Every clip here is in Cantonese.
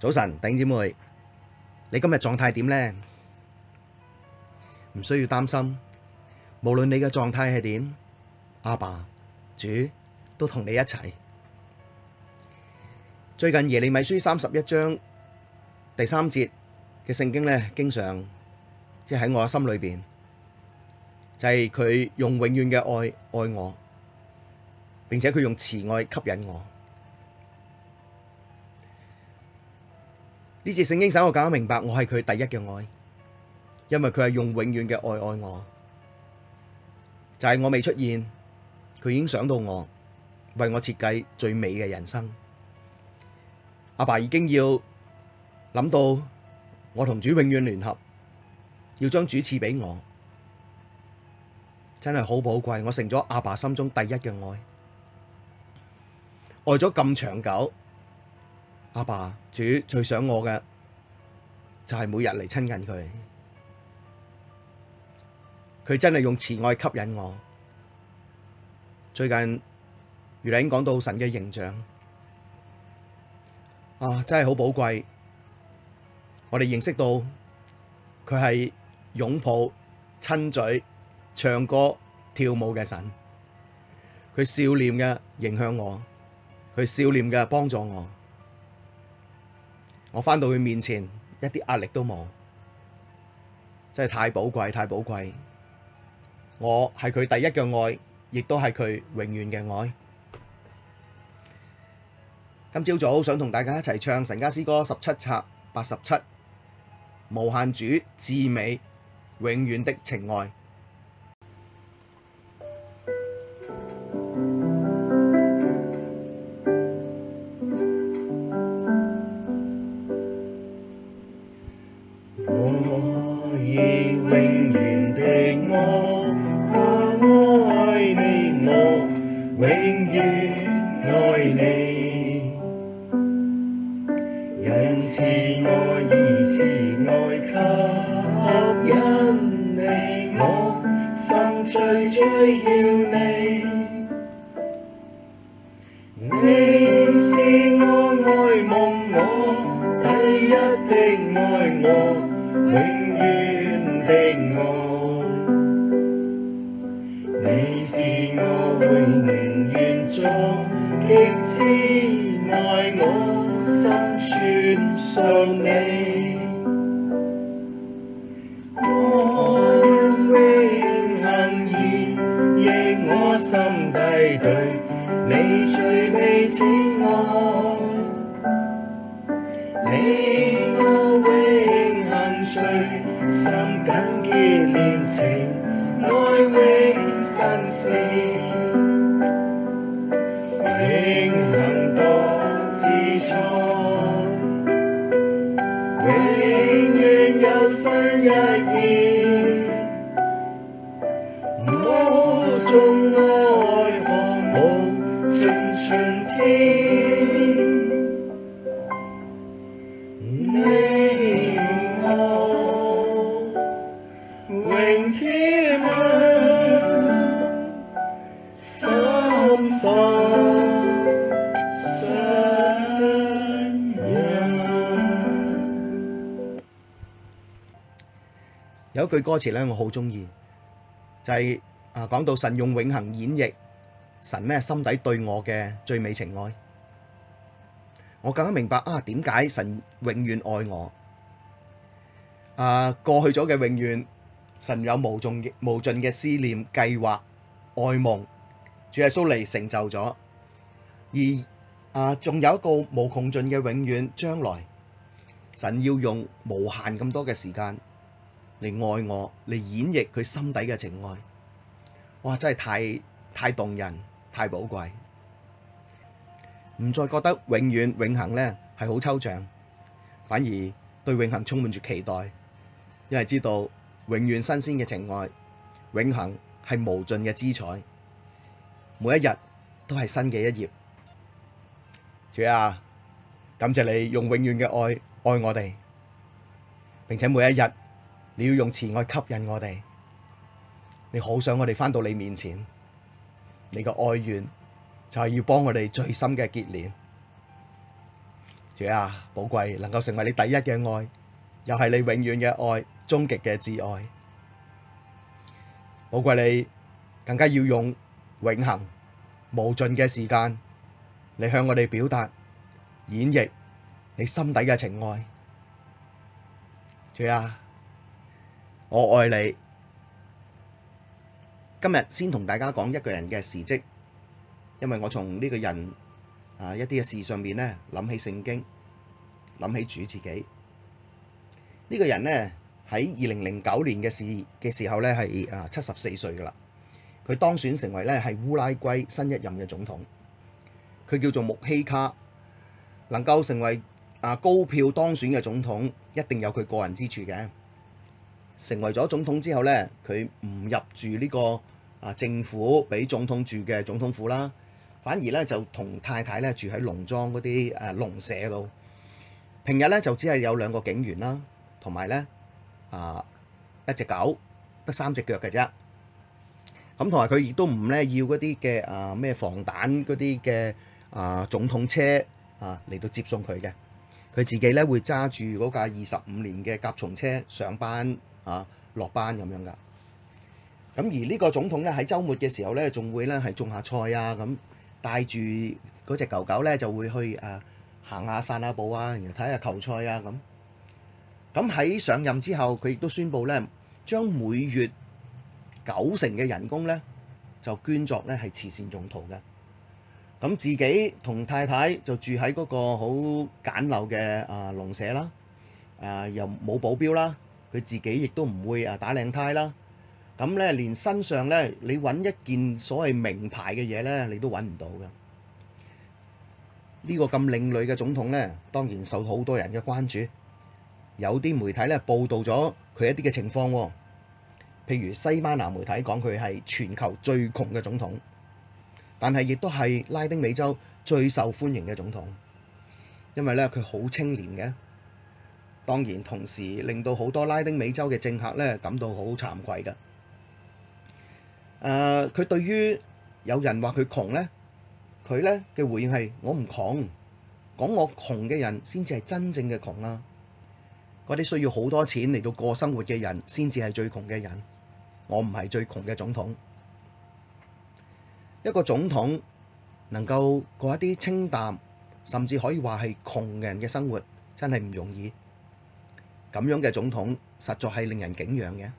早晨，丁姊妹，你今日狀態點呢？唔需要擔心，無論你嘅狀態係點，阿爸、主都同你一齊。最近耶利米書三十一章第三節嘅聖經咧，經常即係喺我嘅心裏邊，就係、是、佢用永遠嘅愛愛我，並且佢用慈愛吸引我。呢次聖經使我搞明白，我係佢第一嘅愛，因為佢係用永遠嘅愛愛我。就係、是、我未出現，佢已經想到我，為我設計最美嘅人生。阿爸，爸已經要諗到我同主永遠聯合，要將主賜俾我，真係好寶貴。我成咗阿爸，爸心中第一嘅愛，愛咗咁長久。阿爸，主最想我嘅就係、是、每日嚟親近佢，佢真係用慈愛吸引我。最近如你講到神嘅形象，啊，真係好寶貴。我哋認識到佢係擁抱、親嘴、唱歌、跳舞嘅神，佢笑臉嘅影響我，佢笑臉嘅幫助我。我返到佢面前，一啲壓力都冇，真係太寶貴，太寶貴！我係佢第一嘅愛，亦都係佢永遠嘅愛。今朝早想同大家一齊唱《神家詩歌》十七冊八十七，無限主至美，永遠的情愛。永遠愛你。亦知愛我心存尚你，愛永恆義，亦我心底對，你最美情愛，你我永恆聚，心緊結連情，愛永新鮮。有一句歌詞咧，我好中意，就係啊講到神用永恆演繹神咧心底對我嘅最美情愛，我更加明白啊點解神永遠愛我。啊過去咗嘅永遠，神有無盡無盡嘅思念、計劃、愛夢，主耶穌嚟成就咗。而啊仲有一個無窮盡嘅永遠，將來，神要用無限咁多嘅時間。嚟愛我，嚟演繹佢心底嘅情愛，哇！真係太太動人，太寶貴，唔再覺得永遠永恆咧係好抽象，反而對永恆充滿住期待，因為知道永遠新鮮嘅情愛，永恆係無盡嘅姿彩，每一日都係新嘅一頁。主啊，感謝你用永遠嘅愛愛我哋，並且每一日。你要用慈愛吸引我哋，你好想我哋返到你面前，你嘅愛願就係要幫我哋最深嘅結連。主啊，寶貴能夠成為你第一嘅愛，又係你永遠嘅愛，終極嘅至愛。寶貴你更加要用永恆無盡嘅時間，你向我哋表達演繹你心底嘅情愛。主啊。我愛你。今日先同大家講一個人嘅事迹，因為我從呢個人啊一啲嘅事上面呢，諗起聖經，諗起主自己。呢個人呢，喺二零零九年嘅事嘅時候呢，係啊七十四歲噶啦，佢當選成為呢係烏拉圭新一任嘅總統，佢叫做穆希卡，能夠成為啊高票當選嘅總統，一定有佢個人之處嘅。成為咗總統之後呢，佢唔入住呢個啊政府俾總統住嘅總統府啦，反而呢就同太太呢住喺農莊嗰啲誒農舍度。平日呢，就只係有兩個警員啦，同埋呢，啊一隻狗，得三隻腳嘅啫。咁同埋佢亦都唔呢要嗰啲嘅啊咩防彈嗰啲嘅啊總統車啊嚟到接送佢嘅，佢自己呢會揸住嗰架二十五年嘅甲蟲車上班。啊，落班咁樣噶。咁而呢個總統咧，喺週末嘅時候咧，仲會咧係種下菜啊，咁帶住嗰隻狗狗咧就會去啊行下散下步啊，然後睇下球賽啊咁。咁喺、啊、上任之後，佢亦都宣布咧，將每月九成嘅人工咧就捐作咧係慈善用途嘅。咁、啊、自己同太太就住喺嗰個好簡陋嘅啊農舍啦，啊又冇保鏢啦。佢自己亦都唔會啊打領呔啦，咁咧連身上咧你揾一件所謂名牌嘅嘢咧，你都揾唔到嘅。呢、這個咁另類嘅總統咧，當然受好多人嘅關注。有啲媒體咧報道咗佢一啲嘅情況，啊，譬如西班牙媒體講佢係全球最窮嘅總統，但係亦都係拉丁美洲最受歡迎嘅總統，因為咧佢好清廉嘅。當然，同時令到好多拉丁美洲嘅政客呢感到好慚愧嘅。誒、呃，佢對於有人話佢窮呢，佢呢嘅回應係：我唔窮，講我窮嘅人先至係真正嘅窮啦、啊。嗰啲需要好多錢嚟到過生活嘅人，先至係最窮嘅人。我唔係最窮嘅總統。一個總統能夠過一啲清淡，甚至可以話係窮人嘅生活，真係唔容易。咁樣嘅總統實在係令人景仰嘅。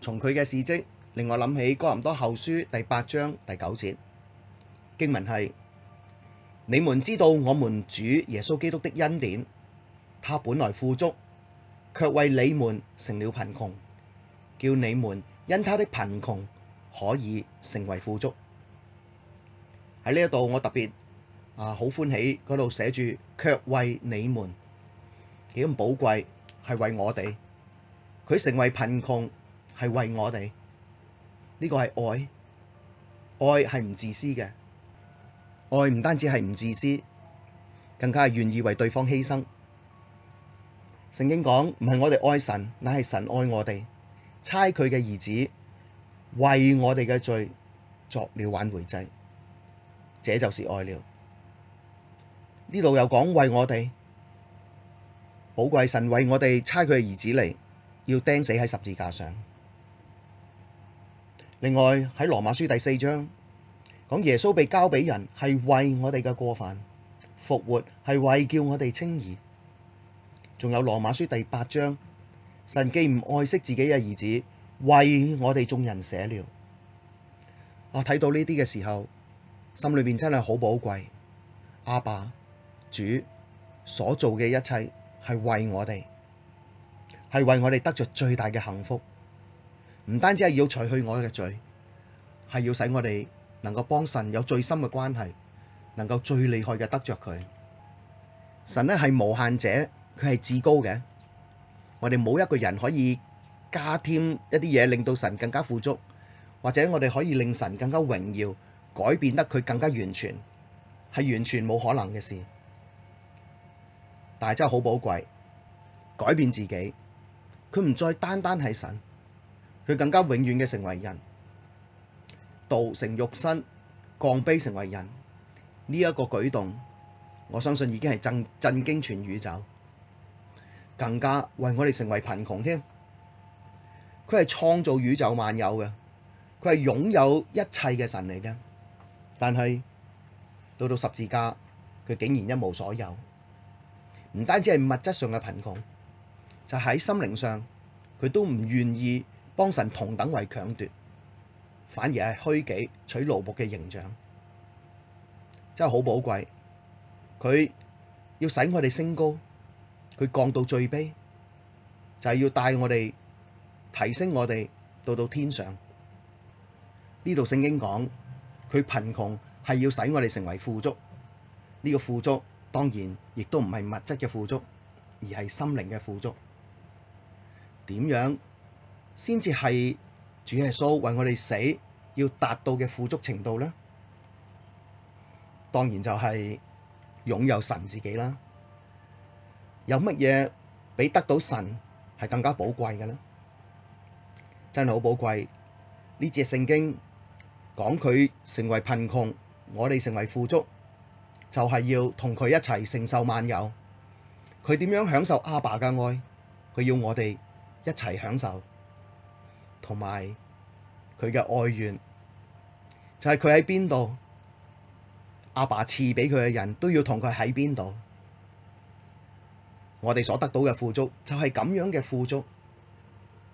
從佢嘅事迹，令我諗起哥林多後書第八章第九節經文係：你們知道我們主耶穌基督的恩典，祂本來富足，卻為你們成了貧窮，叫你們因祂的貧窮可以成為富足。喺呢一度，我特別啊好歡喜嗰度寫住，卻為你們。幾咁寶貴係為我哋。佢成為貧窮係為我哋。呢個係愛，愛係唔自私嘅。愛唔單止係唔自私，更加係願意為對方犧牲。聖經講，唔係我哋愛神，乃係神愛我哋。差佢嘅兒子為我哋嘅罪作了挽回祭，這就是愛了。呢度又講為我哋。寶貴。神為我哋差佢嘅兒子嚟，要釘死喺十字架上。另外喺羅馬書第四章講，耶穌被交俾人係為我哋嘅過犯，復活，係為叫我哋稱義。仲有羅馬書第八章，神既唔愛惜自己嘅兒子，為我哋眾人寫了。我睇到呢啲嘅時候，心裏面真係好寶貴阿爸主所做嘅一切。係為我哋，係為我哋得着最大嘅幸福。唔單止係要除去我嘅罪，係要使我哋能夠幫神有最深嘅關係，能夠最厲害嘅得着佢。神呢係無限者，佢係至高嘅。我哋冇一個人可以加添一啲嘢令到神更加富足，或者我哋可以令神更加榮耀，改變得佢更加完全，係完全冇可能嘅事。但係真係好寶貴，改變自己，佢唔再單單係神，佢更加永遠嘅成為人，道成肉身，降卑成為人，呢一個舉動，我相信已經係震震驚全宇宙，更加為我哋成為貧窮添，佢係創造宇宙萬有嘅，佢係擁有一切嘅神嚟嘅，但係到到十字架，佢竟然一無所有。唔單止係物質上嘅貧窮，就喺、是、心靈上，佢都唔願意幫神同等為強奪，反而係虛己取奴僕嘅形象，真係好寶貴。佢要使我哋升高，佢降到最卑，就係、是、要帶我哋提升我哋到到天上。呢度聖經講佢貧窮係要使我哋成為富足，呢、這個富足。當然，亦都唔係物質嘅富足，而係心靈嘅富足。點樣先至係主耶穌為我哋死要達到嘅富足程度呢？當然就係擁有神自己啦。有乜嘢比得到神係更加寶貴嘅呢？真係好寶貴！呢隻聖經講佢成為貧窮，我哋成為富足。就係要同佢一齊承受萬有，佢點樣享受阿爸嘅愛，佢要我哋一齊享受，同埋佢嘅愛願，就係佢喺邊度，阿爸賜俾佢嘅人都要同佢喺邊度，我哋所得到嘅富足就係咁樣嘅富足，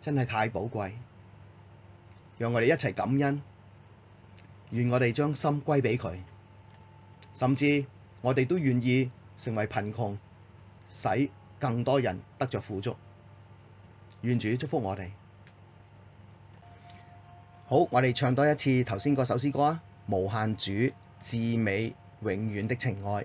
真係太寶貴，讓我哋一齊感恩，願我哋將心歸俾佢。甚至我哋都願意成為貧窮，使更多人得着富足。願主祝福我哋。好，我哋唱多一次頭先嗰首詩歌啊！無限主至美永遠的情愛。